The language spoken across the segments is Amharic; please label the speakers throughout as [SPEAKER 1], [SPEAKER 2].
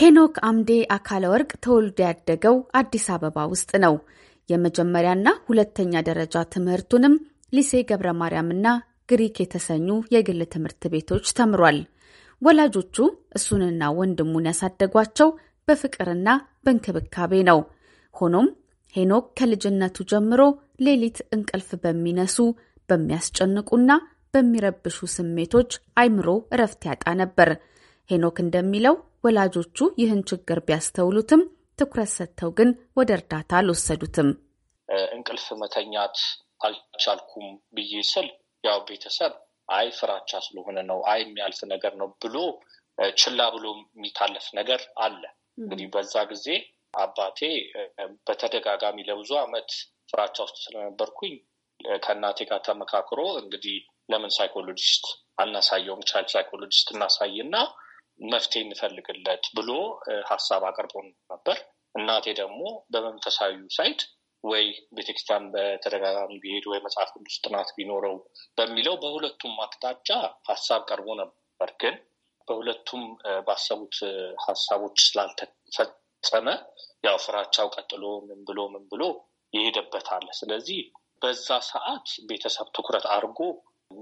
[SPEAKER 1] ሄኖክ አምዴ አካለ ወርቅ ተወልዶ ያደገው አዲስ አበባ ውስጥ ነው። የመጀመሪያና ሁለተኛ ደረጃ ትምህርቱንም ሊሴ ገብረ ማርያምና ግሪክ የተሰኙ የግል ትምህርት ቤቶች ተምሯል። ወላጆቹ እሱንና ወንድሙን ያሳደጓቸው በፍቅርና በእንክብካቤ ነው። ሆኖም ሄኖክ ከልጅነቱ ጀምሮ ሌሊት እንቅልፍ በሚነሱ በሚያስጨንቁና በሚረብሹ ስሜቶች አይምሮ እረፍት ያጣ ነበር። ሄኖክ እንደሚለው ወላጆቹ ይህን ችግር ቢያስተውሉትም ትኩረት ሰጥተው ግን ወደ እርዳታ አልወሰዱትም።
[SPEAKER 2] እንቅልፍ መተኛት አልቻልኩም ብዬ ስል ያው ቤተሰብ አይ ፍራቻ ስለሆነ ነው፣ አይ የሚያልፍ ነገር ነው ብሎ ችላ ብሎ የሚታለፍ ነገር አለ። እንግዲህ በዛ ጊዜ አባቴ በተደጋጋሚ ለብዙ ዓመት ፍራቻ ውስጥ ስለነበርኩኝ ከእናቴ ጋር ተመካክሮ እንግዲህ ለምን ሳይኮሎጂስት አናሳየውም፣ ቻይልድ ሳይኮሎጂስት እናሳይና መፍትሄ እንፈልግለት ብሎ ሀሳብ አቅርቦ ነበር። እናቴ ደግሞ በመንፈሳዊ ሳይት ወይ ቤተክርስቲያን በተደጋጋሚ ቢሄድ ወይ መጽሐፍ ቅዱስ ጥናት ቢኖረው በሚለው በሁለቱም አቅጣጫ ሀሳብ ቀርቦ ነበር። ግን በሁለቱም ባሰቡት ሀሳቦች ስላልተፈጸመ ያው ፍራቻው ቀጥሎ ምን ብሎ ምን ብሎ ይሄደበታል። ስለዚህ በዛ ሰዓት ቤተሰብ ትኩረት አድርጎ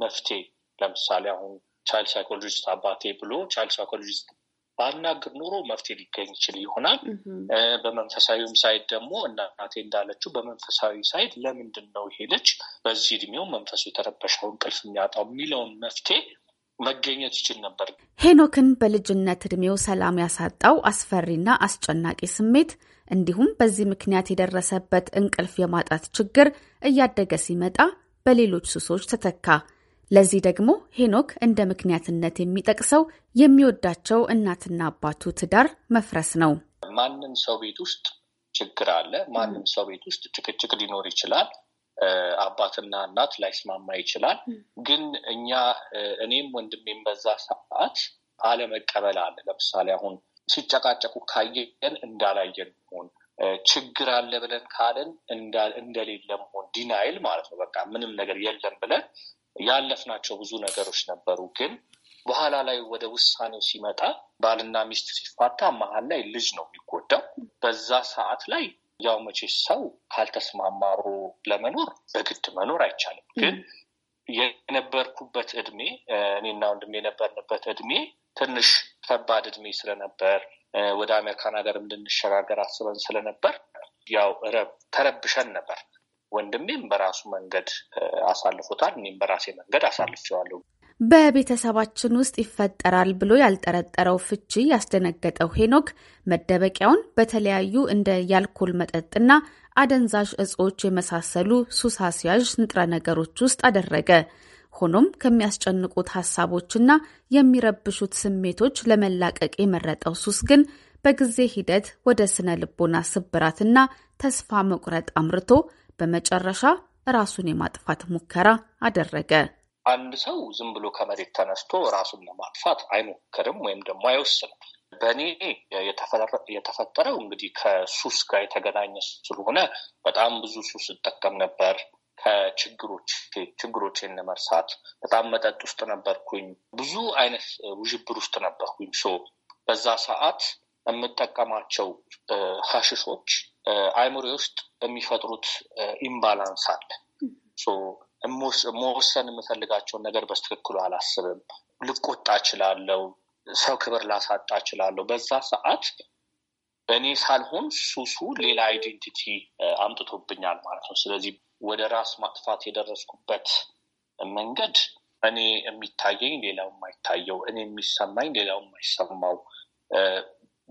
[SPEAKER 2] መፍትሄ ለምሳሌ አሁን ቻይልድ ሳይኮሎጂስት አባቴ ብሎ ቻይልድ ሳይኮሎጂስት ባናግር ኑሮ መፍትሄ ሊገኝ ይችል ይሆናል። በመንፈሳዊም ሳይድ ደግሞ እናቴ እንዳለችው በመንፈሳዊ ሳይድ ለምንድን ነው ይሄ ልጅ በዚህ እድሜው መንፈሱ የተረበሸው እንቅልፍ የሚያጣው የሚለውን መፍትሄ መገኘት ይችል ነበር።
[SPEAKER 1] ሄኖክን በልጅነት እድሜው ሰላም ያሳጣው አስፈሪና አስጨናቂ ስሜት እንዲሁም በዚህ ምክንያት የደረሰበት እንቅልፍ የማጣት ችግር እያደገ ሲመጣ በሌሎች ሱሶች ተተካ። ለዚህ ደግሞ ሄኖክ እንደ ምክንያትነት የሚጠቅሰው የሚወዳቸው እናትና አባቱ ትዳር መፍረስ ነው።
[SPEAKER 2] ማንም ሰው ቤት ውስጥ ችግር አለ። ማንም ሰው ቤት ውስጥ ጭቅጭቅ ሊኖር ይችላል። አባትና እናት ላይስማማ ይችላል። ግን እኛ እኔም ወንድሜም በዛ ሰዓት አለመቀበል አለ። ለምሳሌ አሁን ሲጨቃጨቁ ካየን እንዳላየን መሆን፣ ችግር አለ ብለን ካለን እንደሌለ መሆን፣ ዲናይል ማለት ነው። በቃ ምንም ነገር የለም ብለን ያለፍናቸው ብዙ ነገሮች ነበሩ። ግን በኋላ ላይ ወደ ውሳኔው ሲመጣ ባልና ሚስት ሲፋታ መሀል ላይ ልጅ ነው የሚጎዳው። በዛ ሰዓት ላይ ያው መቼ ሰው ካልተስማማሩ ለመኖር በግድ መኖር አይቻልም። ግን የነበርኩበት እድሜ እኔና ወንድሜ የነበርንበት እድሜ ትንሽ ከባድ እድሜ ስለነበር ወደ አሜሪካን ሀገርም እንድንሸጋገር አስበን ስለነበር ያው ተረብሸን ነበር። ወንድሜም በራሱ መንገድ አሳልፎታል፣ እኔም በራሴ መንገድ አሳልፌዋለሁ።
[SPEAKER 1] በቤተሰባችን ውስጥ ይፈጠራል ብሎ ያልጠረጠረው ፍቺ ያስደነገጠው ሄኖክ መደበቂያውን በተለያዩ እንደ የአልኮል መጠጥና አደንዛዥ እጾች የመሳሰሉ ሱስ አስያዥ ንጥረ ነገሮች ውስጥ አደረገ። ሆኖም ከሚያስጨንቁት ሀሳቦችና የሚረብሹት ስሜቶች ለመላቀቅ የመረጠው ሱስ ግን በጊዜ ሂደት ወደ ስነ ልቦና ስብራትና ተስፋ መቁረጥ አምርቶ በመጨረሻ ራሱን የማጥፋት ሙከራ አደረገ።
[SPEAKER 2] አንድ ሰው ዝም ብሎ ከመሬት ተነስቶ ራሱን ለማጥፋት አይሞክርም ወይም ደግሞ አይወስንም። በእኔ የተፈጠረው እንግዲህ ከሱስ ጋር የተገናኘ ስለሆነ በጣም ብዙ ሱስ እጠቀም ነበር። ከችግሮች ችግሮቼን ለመርሳት በጣም መጠጥ ውስጥ ነበርኩኝ። ብዙ አይነት ውዥብር ውስጥ ነበርኩኝ። ሶ በዛ ሰዓት የምጠቀማቸው ሀሽሾች አይምሬ ውስጥ የሚፈጥሩት ኢምባላንስ አለ። መወሰን የምፈልጋቸውን ነገር በስትክክሉ አላስብም፣ ልቆጣ እችላለሁ፣ ሰው ክብር ላሳጣ እችላለሁ። በዛ ሰዓት እኔ ሳልሆን ሱሱ ሌላ አይዴንቲቲ አምጥቶብኛል ማለት ነው። ስለዚህ ወደ ራስ ማጥፋት የደረስኩበት መንገድ እኔ የሚታየኝ ሌላው የማይታየው፣ እኔ የሚሰማኝ ሌላው የማይሰማው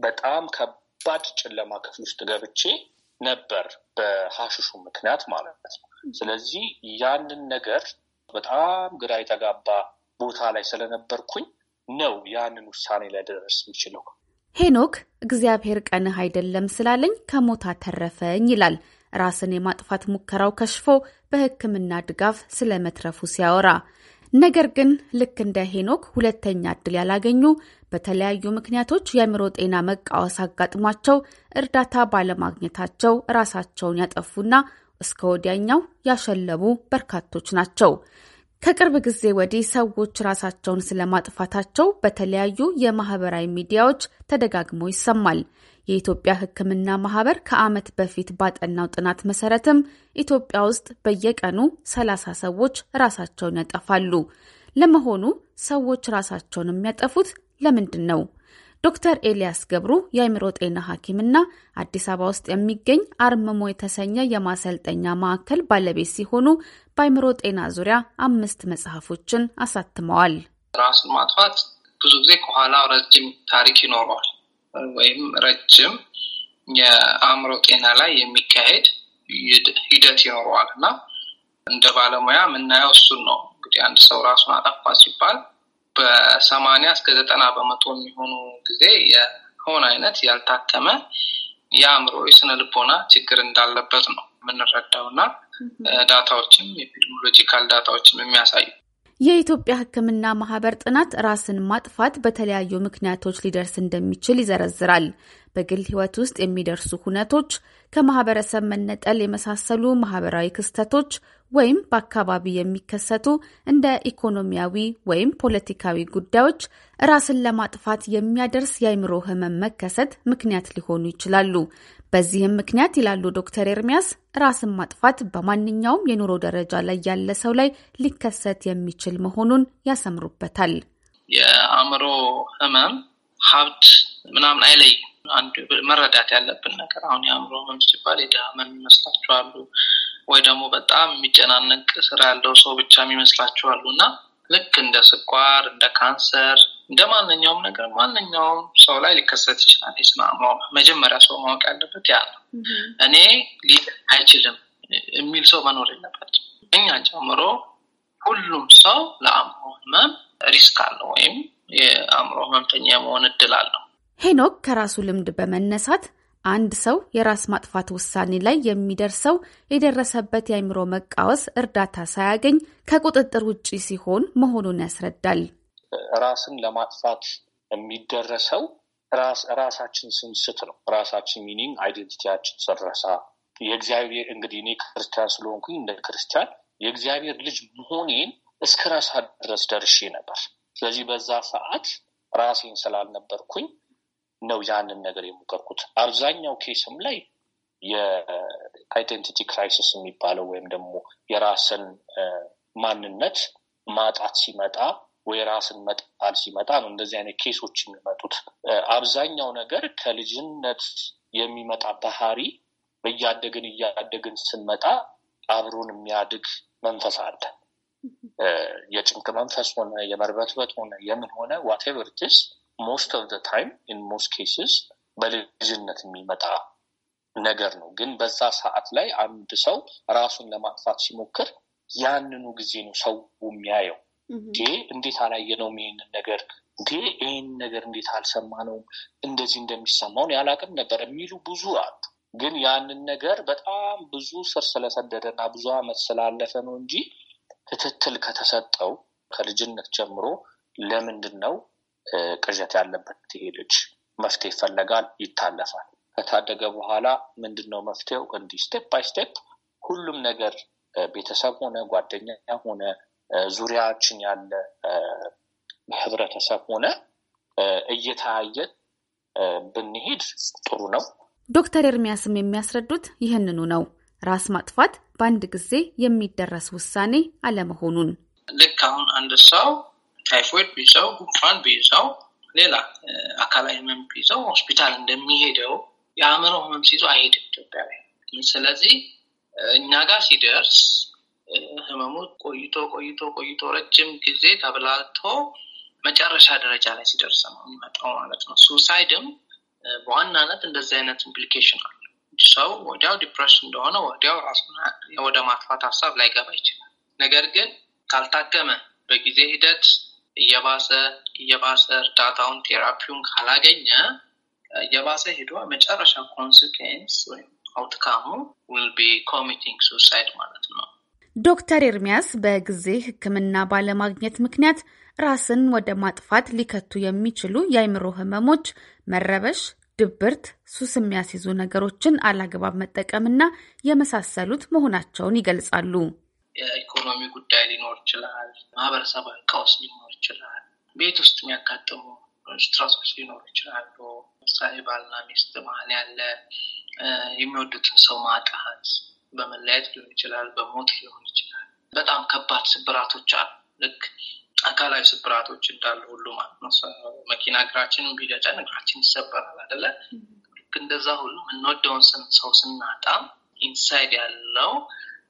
[SPEAKER 2] በጣም ከባድ ጨለማ ክፍል ውስጥ ገብቼ ነበር በሀሽሹ ምክንያት ማለት ነው። ስለዚህ ያንን ነገር በጣም ግራ የተጋባ ቦታ ላይ ስለነበርኩኝ ነው ያንን ውሳኔ ላይ ደረስ የሚችለው።
[SPEAKER 1] ሄኖክ እግዚአብሔር ቀንህ አይደለም ስላለኝ ከሞት አተረፈኝ ይላል ራስን የማጥፋት ሙከራው ከሽፎ በሕክምና ድጋፍ ስለመትረፉ ሲያወራ ነገር ግን ልክ እንደ ሄኖክ ሁለተኛ እድል ያላገኙ በተለያዩ ምክንያቶች የአእምሮ ጤና መቃወስ አጋጥሟቸው እርዳታ ባለማግኘታቸው ራሳቸውን ያጠፉና እስከ ወዲያኛው ያሸለቡ በርካቶች ናቸው። ከቅርብ ጊዜ ወዲህ ሰዎች ራሳቸውን ስለማጥፋታቸው በተለያዩ የማህበራዊ ሚዲያዎች ተደጋግሞ ይሰማል። የኢትዮጵያ ሕክምና ማህበር ከዓመት በፊት ባጠናው ጥናት መሰረትም ኢትዮጵያ ውስጥ በየቀኑ ሰላሳ ሰዎች ራሳቸውን ያጠፋሉ። ለመሆኑ ሰዎች ራሳቸውን የሚያጠፉት ለምንድን ነው? ዶክተር ኤልያስ ገብሩ የአእምሮ ጤና ሐኪምና አዲስ አበባ ውስጥ የሚገኝ አርምሞ የተሰኘ የማሰልጠኛ ማዕከል ባለቤት ሲሆኑ በአእምሮ ጤና ዙሪያ አምስት መጽሐፎችን አሳትመዋል። ራሱን ማጥፋት ብዙ ጊዜ ከኋላው ረጅም ታሪክ ይኖረዋል ወይም ረጅም የአእምሮ ጤና ላይ የሚካሄድ
[SPEAKER 3] ሂደት ይኖረዋል እና እንደ ባለሙያ የምናየው እሱን ነው። እንግዲህ አንድ ሰው ራሱን አጠፋ ሲባል በሰማኒያ እስከ ዘጠና በመቶ የሚሆኑ ጊዜ የሆነ አይነት ያልታከመ የአእምሮ የስነ ልቦና ችግር እንዳለበት ነው የምንረዳው እና ዳታዎችም የኤፒዲሚዮሎጂካል ዳታዎችም የሚያሳዩ
[SPEAKER 1] የኢትዮጵያ ሕክምና ማህበር ጥናት ራስን ማጥፋት በተለያዩ ምክንያቶች ሊደርስ እንደሚችል ይዘረዝራል። በግል ህይወት ውስጥ የሚደርሱ ሁነቶች ከማህበረሰብ መነጠል የመሳሰሉ ማህበራዊ ክስተቶች ወይም በአካባቢ የሚከሰቱ እንደ ኢኮኖሚያዊ ወይም ፖለቲካዊ ጉዳዮች ራስን ለማጥፋት የሚያደርስ የአይምሮ ህመም መከሰት ምክንያት ሊሆኑ ይችላሉ። በዚህም ምክንያት ይላሉ ዶክተር ኤርሚያስ ራስን ማጥፋት በማንኛውም የኑሮ ደረጃ ላይ ያለ ሰው ላይ ሊከሰት የሚችል መሆኑን ያሰምሩበታል።
[SPEAKER 3] የአእምሮ ህመም ሀብት ምናምን አይለይም። አንዱ መረዳት ያለብን ነገር አሁን የአእምሮ ህመም ሲባል የድሃ ይመስላችኋሉ ወይ ደግሞ በጣም የሚጨናነቅ ስራ ያለው ሰው ብቻ ይመስላችኋሉ እና ልክ እንደ ስኳር እንደ ካንሰር እንደ ማንኛውም ነገር ማንኛውም ሰው ላይ ሊከሰት ይችላል የስነ መጀመሪያ ሰው ማወቅ ያለበት ያ ነው እኔ ሊ አይችልም የሚል ሰው መኖር የለበት እኛ ጨምሮ ሁሉም ሰው ለአእምሮ ህመም ሪስክ አለው ወይም የአእምሮ ህመምተኛ የመሆን እድል አለው
[SPEAKER 1] ሄኖክ ከራሱ ልምድ በመነሳት አንድ ሰው የራስ ማጥፋት ውሳኔ ላይ የሚደርሰው የደረሰበት የአእምሮ መቃወስ እርዳታ ሳያገኝ ከቁጥጥር ውጪ ሲሆን መሆኑን ያስረዳል።
[SPEAKER 2] ራስን ለማጥፋት የሚደረሰው ራሳችን ስንስት ነው። ራሳችን ሚኒንግ አይደንቲቲያችን ስንረሳ የእግዚአብሔር እንግዲህ እኔ ክርስቲያን ስለሆንኩኝ እንደ ክርስቲያን የእግዚአብሔር ልጅ መሆኔን እስከ ራሳ ድረስ ደርሼ ነበር። ስለዚህ በዛ ሰዓት ራሴን ስላልነበርኩኝ ነው ያንን ነገር የሞከርኩት። አብዛኛው ኬስም ላይ የአይደንቲቲ ክራይሲስ የሚባለው ወይም ደግሞ የራስን ማንነት ማጣት ሲመጣ ወይ ራስን መጣል ሲመጣ ነው እንደዚህ አይነት ኬሶች የሚመጡት። አብዛኛው ነገር ከልጅነት የሚመጣ ባህሪ እያደግን እያደግን ስንመጣ አብሮን የሚያድግ መንፈስ አለ። የጭንቅ መንፈስ ሆነ የመርበትበት ሆነ የምን ሆነ ዋቴቨር ሞስት ኦፍ ዘ ታይም ኢን ሞስት ኬስስ በልጅነት የሚመጣ ነገር ነው። ግን በዛ ሰዓት ላይ አንድ ሰው ራሱን ለማጥፋት ሲሞክር ያንኑ ጊዜ ነው ሰው የሚያየው። ዴ እንዴት አላየነውም? ይሄንን ነገር እ ይህን ነገር እንዴት አልሰማነውም? እንደዚህ እንደሚሰማውን ያላቅም ነበር የሚሉ ብዙ አሉ። ግን ያንን ነገር በጣም ብዙ ስር ስለሰደደ እና ብዙ ዓመት ስላለፈ ነው እንጂ ክትትል ከተሰጠው ከልጅነት ጀምሮ ለምንድን ነው ቅዠት ያለበት ይሄ ልጅ መፍትሄ ይፈለጋል፣ ይታለፋል። ከታደገ በኋላ ምንድን ነው መፍትሄው? እንዲህ ስቴፕ ባይ ስቴፕ ሁሉም ነገር ቤተሰብ ሆነ ጓደኛ ሆነ ዙሪያችን ያለ ህብረተሰብ ሆነ እየተያየ ብንሄድ ጥሩ ነው።
[SPEAKER 1] ዶክተር ኤርሚያስም የሚያስረዱት ይህንኑ ነው። ራስ ማጥፋት በአንድ ጊዜ የሚደረስ ውሳኔ አለመሆኑን
[SPEAKER 3] ልክ አሁን አንድ ሰው ታይፎይድ ቢይዘው፣ ጉንፋን ቢይዘው፣ ሌላ አካላዊ ህመም ቢይዘው ሆስፒታል እንደሚሄደው የአእምሮ ህመም ሲይዘው አይሄድም ኢትዮጵያ ላይ። ስለዚህ እኛ ጋር ሲደርስ ህመሙ ቆይቶ ቆይቶ ቆይቶ ረጅም ጊዜ ተብላልቶ መጨረሻ ደረጃ ላይ ሲደርስ ነው የሚመጣው ማለት ነው። ሱሳይድም በዋናነት እንደዚህ አይነት ኢምፕሊኬሽን አለ። ሰው ወዲያው ዲፕሬሽን እንደሆነ ወዲያው ራሱን ወደ ማጥፋት ሀሳብ ላይገባ ይችላል። ነገር ግን ካልታከመ በጊዜ ሂደት እየባሰ እየባሰ እርዳታውን ቴራፒውን ካላገኘ እየባሰ ሄዶ መጨረሻ ኮንስኬንስ ወይም አውትካሙ ዊል ቢ ኮሚቲንግ ሱሳይድ ማለት ነው።
[SPEAKER 1] ዶክተር ኤርሚያስ በጊዜ ሕክምና ባለማግኘት ምክንያት ራስን ወደ ማጥፋት ሊከቱ የሚችሉ የአይምሮ ህመሞች መረበሽ፣ ድብርት፣ ሱስ የሚያስይዙ ነገሮችን አላግባብ መጠቀምና የመሳሰሉት መሆናቸውን ይገልጻሉ።
[SPEAKER 3] የኢኮኖሚ ጉዳይ ሊኖር ይችላል። ማህበረሰባዊ ቀውስ ሊኖር ይችላል። ቤት ውስጥ የሚያጋጥሙ ስትራሶች ሊኖሩ ይችላሉ። ለምሳሌ ባልና ሚስት መሀል ያለ የሚወዱትን ሰው ማጣት በመለያየት ሊሆን ይችላል፣ በሞት ሊሆን ይችላል። በጣም ከባድ ስብራቶች አሉ። ልክ አካላዊ ስብራቶች እንዳሉ ሁሉ መኪና እግራችን ቢገጨን እግራችን ይሰበራል አይደለ? ልክ እንደዛ ሁሉ የምንወደውን ሰው ስናጣም ኢንሳይድ ያለው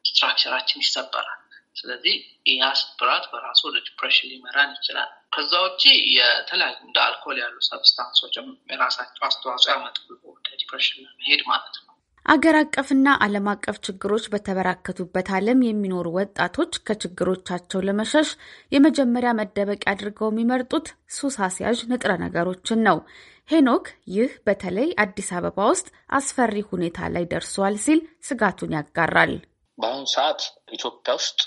[SPEAKER 3] ስትራክቸራችን ይሰበራል። ስለዚህ ይህ ስብራት በራሱ ዲፕሬሽን ሊመራን ይችላል። ከዛ ውጭ የተለያዩ እንደ አልኮል ያሉ ሰብስታንሶችም የራሳቸው አስተዋጽኦ ያመጣሉ ወደ ዲፕሬሽን ለመሄድ ማለት ነው።
[SPEAKER 1] አገር አቀፍና ዓለም አቀፍ ችግሮች በተበራከቱበት ዓለም የሚኖሩ ወጣቶች ከችግሮቻቸው ለመሸሽ የመጀመሪያ መደበቂያ አድርገው የሚመርጡት ሱስ አስያዥ ንጥረ ነገሮችን ነው። ሄኖክ ይህ በተለይ አዲስ አበባ ውስጥ አስፈሪ ሁኔታ ላይ ደርሷል ሲል ስጋቱን ያጋራል።
[SPEAKER 2] በአሁኑ ሰዓት ኢትዮጵያ ውስጥ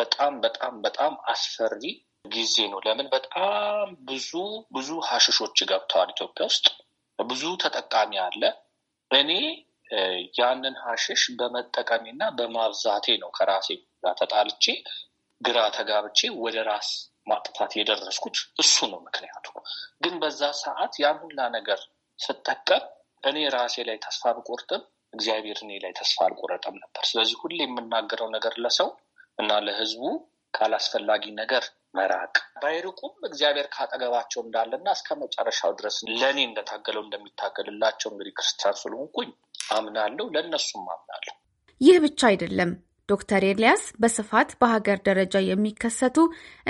[SPEAKER 2] በጣም በጣም በጣም አስፈሪ ጊዜ ነው። ለምን በጣም ብዙ ብዙ ሀሽሾች ገብተዋል ኢትዮጵያ ውስጥ ብዙ ተጠቃሚ አለ። እኔ ያንን ሀሽሽ በመጠቀሜና በማብዛቴ ነው ከራሴ ጋር ተጣልቼ ግራ ተጋብቼ ወደ ራስ ማጥፋት የደረስኩት እሱ ነው ምክንያቱ። ግን በዛ ሰዓት ያን ሁላ ነገር ስጠቀም እኔ ራሴ ላይ ተስፋ ብቆርጥም እግዚአብሔር እኔ ላይ ተስፋ አልቆረጠም ነበር። ስለዚህ ሁሌ የምናገረው ነገር ለሰው እና ለህዝቡ ካላስፈላጊ ነገር መራቅ ባይርቁም እግዚአብሔር ካጠገባቸው እንዳለና እስከ መጨረሻው ድረስ ለእኔ እንደታገለው እንደሚታገልላቸው እንግዲህ ክርስቲያን ስለሆንኩኝ አምናለሁ፣ ለእነሱም አምናለሁ።
[SPEAKER 1] ይህ ብቻ አይደለም። ዶክተር ኤልያስ በስፋት በሀገር ደረጃ የሚከሰቱ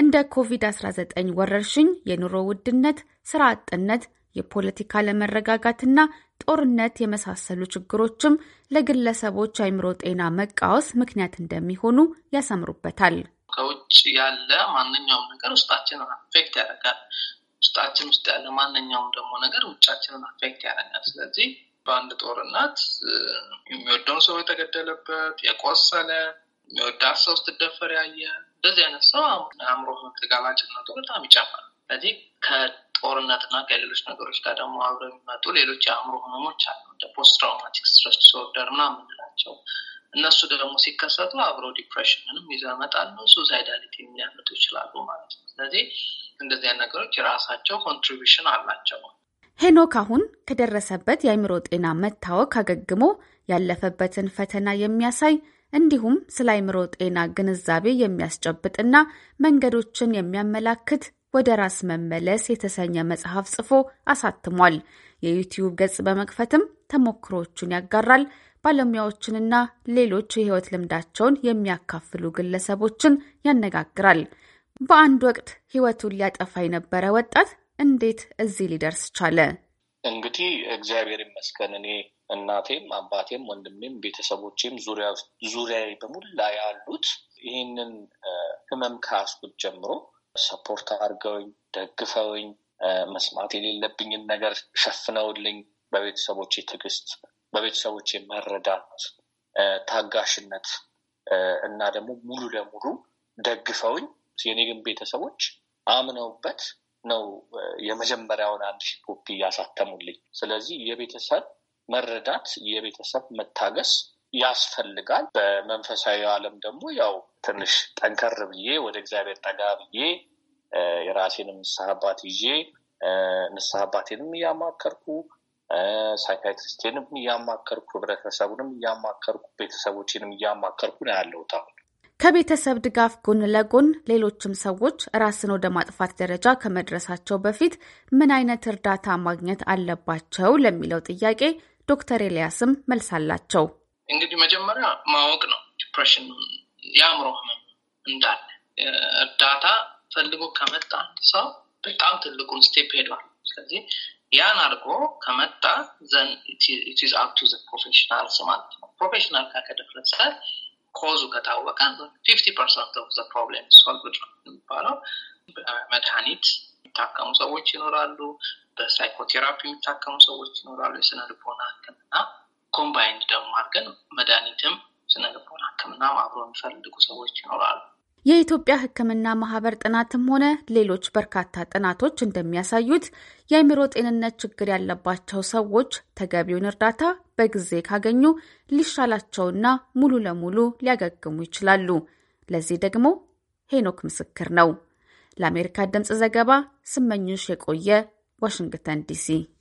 [SPEAKER 1] እንደ ኮቪድ-19 ወረርሽኝ፣ የኑሮ ውድነት፣ ስራ አጥነት፣ የፖለቲካ ለመረጋጋትና ጦርነት የመሳሰሉ ችግሮችም ለግለሰቦች አይምሮ ጤና መቃወስ ምክንያት እንደሚሆኑ ያሰምሩበታል።
[SPEAKER 3] ከውጭ ያለ ማንኛውም ነገር ውስጣችንን አፌክት ያደርጋል። ውስጣችን ውስጥ ያለ ማንኛውም ደግሞ ነገር ውጫችንን አፌክት ያደርጋል። ስለዚህ በአንድ ጦርነት የሚወደውን ሰው የተገደለበት፣ የቆሰለ፣ የሚወዳት ሰው ስትደፈር ያየ እንደዚህ አይነት ሰው አእምሮ ተጋላጭነቱ በጣም ይጨምራል። ስለዚህ ከጦርነትና ከሌሎች ነገሮች ጋር ደግሞ አብረው የሚመጡ ሌሎች የአእምሮ ህመሞች አሉ እንደ ፖስት ትራውማቲክ ስትረስ ዲስኦርደር ና የምንላቸው እነሱ ደግሞ ሲከሰቱ አብረው ዲፕሬሽንንም ይዘው ይመጣሉ ሱሳይዳሊቲ የሚያመጡ ይችላሉ ማለት ነው ስለዚህ እንደዚህ ነገሮች የራሳቸው ኮንትሪቢሽን አላቸው
[SPEAKER 1] ሄኖክ አሁን ከደረሰበት የአእምሮ ጤና መታወክ አገግሞ ያለፈበትን ፈተና የሚያሳይ እንዲሁም ስለ አእምሮ ጤና ግንዛቤ የሚያስጨብጥና መንገዶችን የሚያመላክት ወደ ራስ መመለስ የተሰኘ መጽሐፍ ጽፎ አሳትሟል። የዩቲዩብ ገጽ በመክፈትም ተሞክሮዎቹን ያጋራል። ባለሙያዎችንና ሌሎች የህይወት ልምዳቸውን የሚያካፍሉ ግለሰቦችን ያነጋግራል። በአንድ ወቅት ህይወቱን ሊያጠፋ የነበረ ወጣት እንዴት እዚህ ሊደርስ ቻለ?
[SPEAKER 2] እንግዲህ እግዚአብሔር ይመስገን እኔ እናቴም አባቴም ወንድሜም ቤተሰቦቼም ዙሪያ በሙላ ያሉት ይህንን ህመም ካስኩት ጀምሮ ሰፖርት አድርገውኝ ደግፈውኝ መስማት የሌለብኝን ነገር ሸፍነውልኝ በቤተሰቦቼ ትግስት በቤተሰቦቼ መረዳት፣ ታጋሽነት እና ደግሞ ሙሉ ለሙሉ ደግፈውኝ የኔ ግን ቤተሰቦች አምነውበት ነው የመጀመሪያውን አንድ ሺ ኮፒ ያሳተሙልኝ። ስለዚህ የቤተሰብ መረዳት፣ የቤተሰብ መታገስ ያስፈልጋል። በመንፈሳዊ ዓለም ደግሞ ያው ትንሽ ጠንከር ብዬ ወደ እግዚአብሔር ጠጋ ብዬ የራሴንም ንስሐ አባት ይዤ ንስሐ አባቴንም እያማከርኩ ሳይካትሪስቴንም እያማከርኩ ህብረተሰቡንም እያማከርኩ ቤተሰቦችንም እያማከርኩ ነው ያለሁት። አሁን
[SPEAKER 1] ከቤተሰብ ድጋፍ ጎን ለጎን ሌሎችም ሰዎች ራስን ወደ ማጥፋት ደረጃ ከመድረሳቸው በፊት ምን አይነት እርዳታ ማግኘት አለባቸው ለሚለው ጥያቄ ዶክተር ኤልያስም መልስ አላቸው።
[SPEAKER 3] እንግዲህ መጀመሪያ ማወቅ ነው ዲፕሬሽን የአእምሮ ህመም እንዳለ። እርዳታ ፈልጎ ከመጣ አንድ ሰው በጣም ትልቁን ስቴፕ ሄዷል። ስለዚህ ያን አድርጎ ከመጣ ዘን ኢትዝ አፕቱ ዘ ፕሮፌሽናልስ ማለት ነው። ፕሮፌሽናል ከከደፍረሰ ኮዙ ከታወቀ ፊፍቲ ፐርሰንት ኦፍ ዘ ፕሮብሌም ሶልቭ ነው የሚባለው። መድኃኒት የሚታከሙ ሰዎች ይኖራሉ። በሳይኮቴራፒ የሚታከሙ ሰዎች ይኖራሉ። የስነ ልቦና ህክምና ኮምባይንድ ደግሞ አድርገን መድኃኒትም ስነልቦና ህክምና አብሮ የሚፈልጉ ሰዎች ይኖራሉ።
[SPEAKER 1] የኢትዮጵያ ሕክምና ማህበር ጥናትም ሆነ ሌሎች በርካታ ጥናቶች እንደሚያሳዩት የአእምሮ ጤንነት ችግር ያለባቸው ሰዎች ተገቢውን እርዳታ በጊዜ ካገኙ ሊሻላቸውና ሙሉ ለሙሉ ሊያገግሙ ይችላሉ። ለዚህ ደግሞ ሄኖክ ምስክር ነው። ለአሜሪካ ድምፅ ዘገባ ስመኞሽ የቆየ ዋሽንግተን ዲሲ።